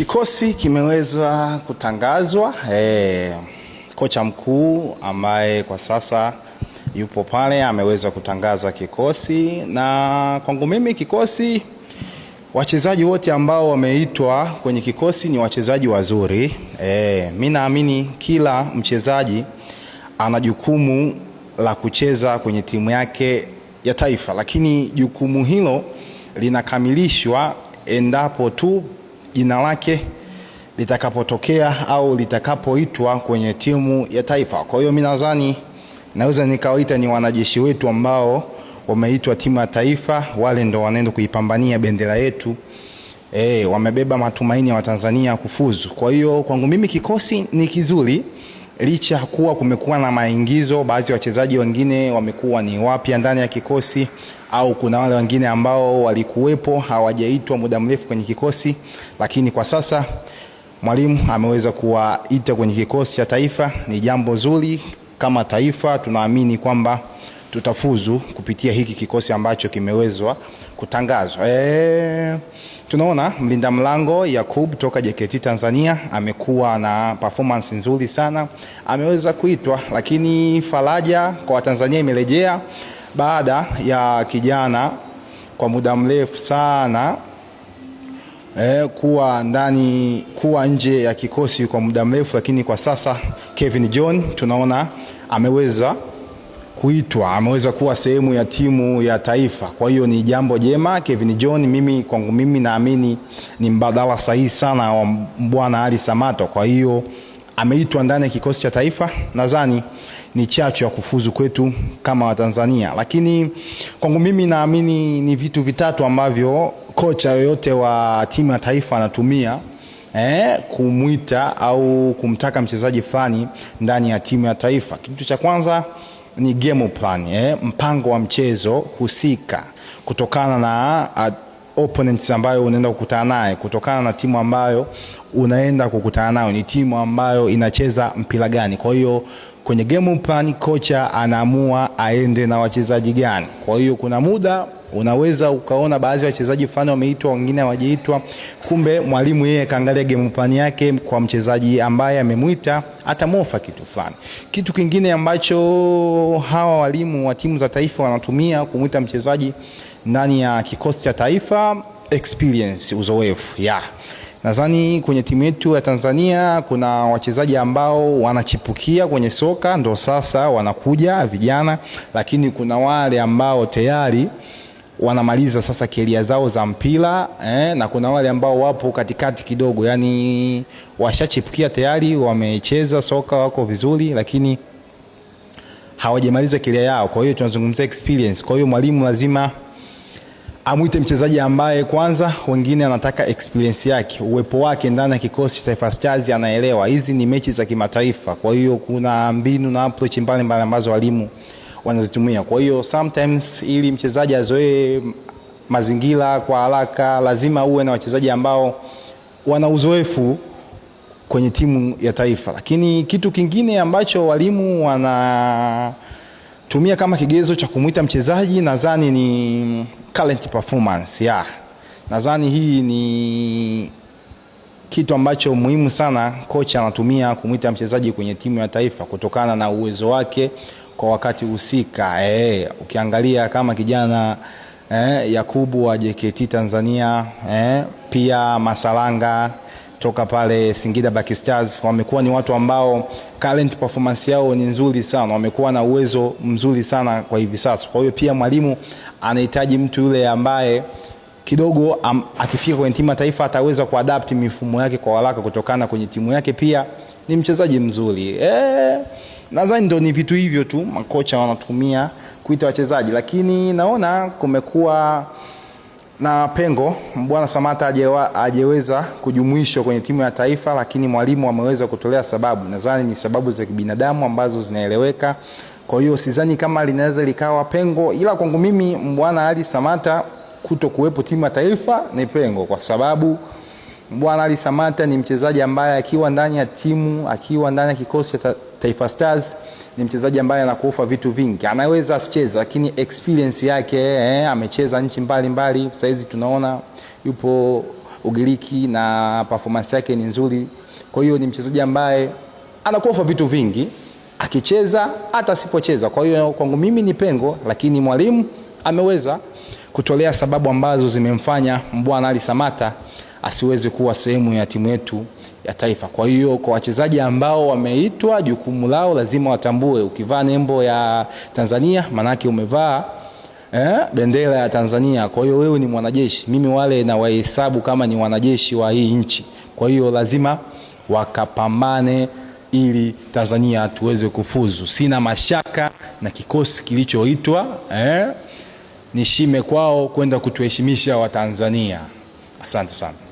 Kikosi kimeweza kutangazwa eh, kocha mkuu ambaye kwa sasa yupo pale ameweza kutangaza kikosi, na kwangu mimi kikosi, wachezaji wote ambao wameitwa kwenye kikosi ni wachezaji wazuri Eh, mi naamini kila mchezaji ana jukumu la kucheza kwenye timu yake ya taifa, lakini jukumu hilo linakamilishwa endapo tu jina lake litakapotokea au litakapoitwa kwenye timu ya taifa. Kwa hiyo mimi nadhani naweza nikawaita ni wanajeshi wetu ambao wameitwa timu ya taifa, wale ndo wanaenda kuipambania bendera yetu. E, wamebeba matumaini ya Watanzania kufuzu. Kwa hiyo kwangu mimi kikosi ni kizuri licha ya kuwa kumekuwa na maingizo, baadhi ya wachezaji wengine wamekuwa ni wapya ndani ya kikosi au kuna wale wengine ambao walikuwepo hawajaitwa muda mrefu kwenye kikosi, lakini kwa sasa mwalimu ameweza kuwaita kwenye kikosi cha taifa. Ni jambo zuri. Kama taifa tunaamini kwamba tutafuzu kupitia hiki kikosi ambacho kimewezwa kutangazwa. E, tunaona mlinda mlango Yakub toka JKT Tanzania amekuwa na performance nzuri sana, ameweza kuitwa, lakini faraja kwa Watanzania imerejea baada ya kijana kwa muda mrefu sana Eh, kuwa ndani kuwa nje ya kikosi kwa muda mrefu, lakini kwa sasa Kevin John tunaona ameweza kuitwa ameweza kuwa sehemu ya timu ya taifa. Kwa hiyo ni jambo jema. Kevin John, mimi kwangu mimi naamini ni mbadala sahihi sana wa bwana Ali Samato. Kwa hiyo ameitwa ndani ya kikosi cha taifa, nadhani ni chachu ya kufuzu kwetu kama Watanzania, lakini kwangu mimi naamini ni vitu vitatu ambavyo kocha yoyote wa timu ya taifa anatumia eh, kumwita au kumtaka mchezaji fulani ndani ya timu ya taifa. Kitu cha kwanza ni game plan eh, mpango wa mchezo husika kutokana na uh, opponents ambayo unaenda kukutana naye, kutokana na timu ambayo unaenda kukutana nayo, ni timu ambayo inacheza mpira gani. Kwa hiyo kwenye game plan kocha anaamua aende na wachezaji gani. Kwa hiyo kuna muda Unaweza ukaona baadhi ya wachezaji fulani wameitwa, wengine hawajaitwa, kumbe mwalimu yeye kaangalia game plan yake kwa mchezaji ambaye amemwita atamofa kitu fulani. Kitu kingine ambacho hawa walimu wa timu za taifa wanatumia kumwita mchezaji ndani ya kikosi cha taifa experience, uzoefu yeah. Nadhani kwenye timu yetu ya Tanzania kuna wachezaji ambao wanachipukia kwenye soka, ndo sasa wanakuja vijana, lakini kuna wale ambao tayari wanamaliza sasa keria zao za mpira eh, na kuna wale ambao wapo katikati kidogo, yani washachipukia tayari, wamecheza soka wako vizuri, lakini hawajamaliza keria yao. Kwa hiyo tunazungumzia experience. Kwa hiyo mwalimu lazima amwite mchezaji ambaye kwanza wengine anataka experience yake, uwepo wake ndani ya kikosi cha Taifa Stars, anaelewa hizi ni mechi za kimataifa. Kwa hiyo kuna mbinu na approach mbalimbali ambazo walimu wanazitumia. Kwa hiyo sometimes, ili mchezaji azoee mazingira kwa haraka, lazima uwe na wachezaji ambao wana uzoefu kwenye timu ya taifa. Lakini kitu kingine ambacho walimu wanatumia kama kigezo cha kumwita mchezaji nadhani ni current performance yeah. Nadhani hii ni kitu ambacho muhimu sana kocha anatumia kumwita mchezaji kwenye timu ya taifa kutokana na uwezo wake kwa wakati husika eh. Ukiangalia kama kijana eh, Yakubu wa JKT Tanzania eh, pia Masalanga toka pale Singida Black Stars wamekuwa ni watu ambao current performance yao ni nzuri sana, wamekuwa na uwezo mzuri sana kwa hivi sasa. Kwa hiyo pia mwalimu anahitaji mtu yule ambaye kidogo am, akifika kwenye timu ya taifa ataweza kuadapt mifumo yake kwa haraka kutokana kwenye timu yake, pia ni mchezaji mzuri eh. Nadhani ndo ni vitu hivyo tu makocha wanatumia kuita wachezaji, lakini naona kumekuwa na pengo. Bwana Samata ajeweza kujumuishwa kwenye timu ya taifa, lakini mwalimu ameweza kutolea sababu. Nadhani ni sababu za kibinadamu ambazo zinaeleweka, kwa hiyo sidhani kama linaweza likawa pengo, ila kwangu mimi Bwana Ali Samata kuto kuwepo timu ya taifa ni pengo, kwa sababu Bwana Ali Samata ni mchezaji ambaye akiwa ndani ya timu, akiwa ndani ya kikosi Taifa Stars ni mchezaji ambaye anakuofa vitu vingi, anaweza asicheza, lakini experience yake eh, amecheza nchi mbalimbali. Sasa hizi tunaona yupo Ugiriki na performance yake ni nzuri. Kwa hiyo ni mchezaji ambaye anakuofa vitu vingi akicheza, hata asipocheza. Kwa hiyo kwangu mimi ni pengo, lakini mwalimu ameweza kutolea sababu ambazo zimemfanya Mbwana Ali Samata asiweze kuwa sehemu ya timu yetu ya taifa. Kwa hiyo kwa wachezaji ambao wameitwa, jukumu lao lazima watambue, ukivaa nembo ya Tanzania manake umevaa eh, bendera ya Tanzania. Kwa hiyo wewe ni mwanajeshi, mimi wale na wahesabu kama ni wanajeshi wa hii nchi. Kwa hiyo lazima wakapambane ili Tanzania tuweze kufuzu. Sina mashaka na kikosi kilichoitwa eh, nishime kwao kwenda kutuheshimisha Watanzania. Asante sana.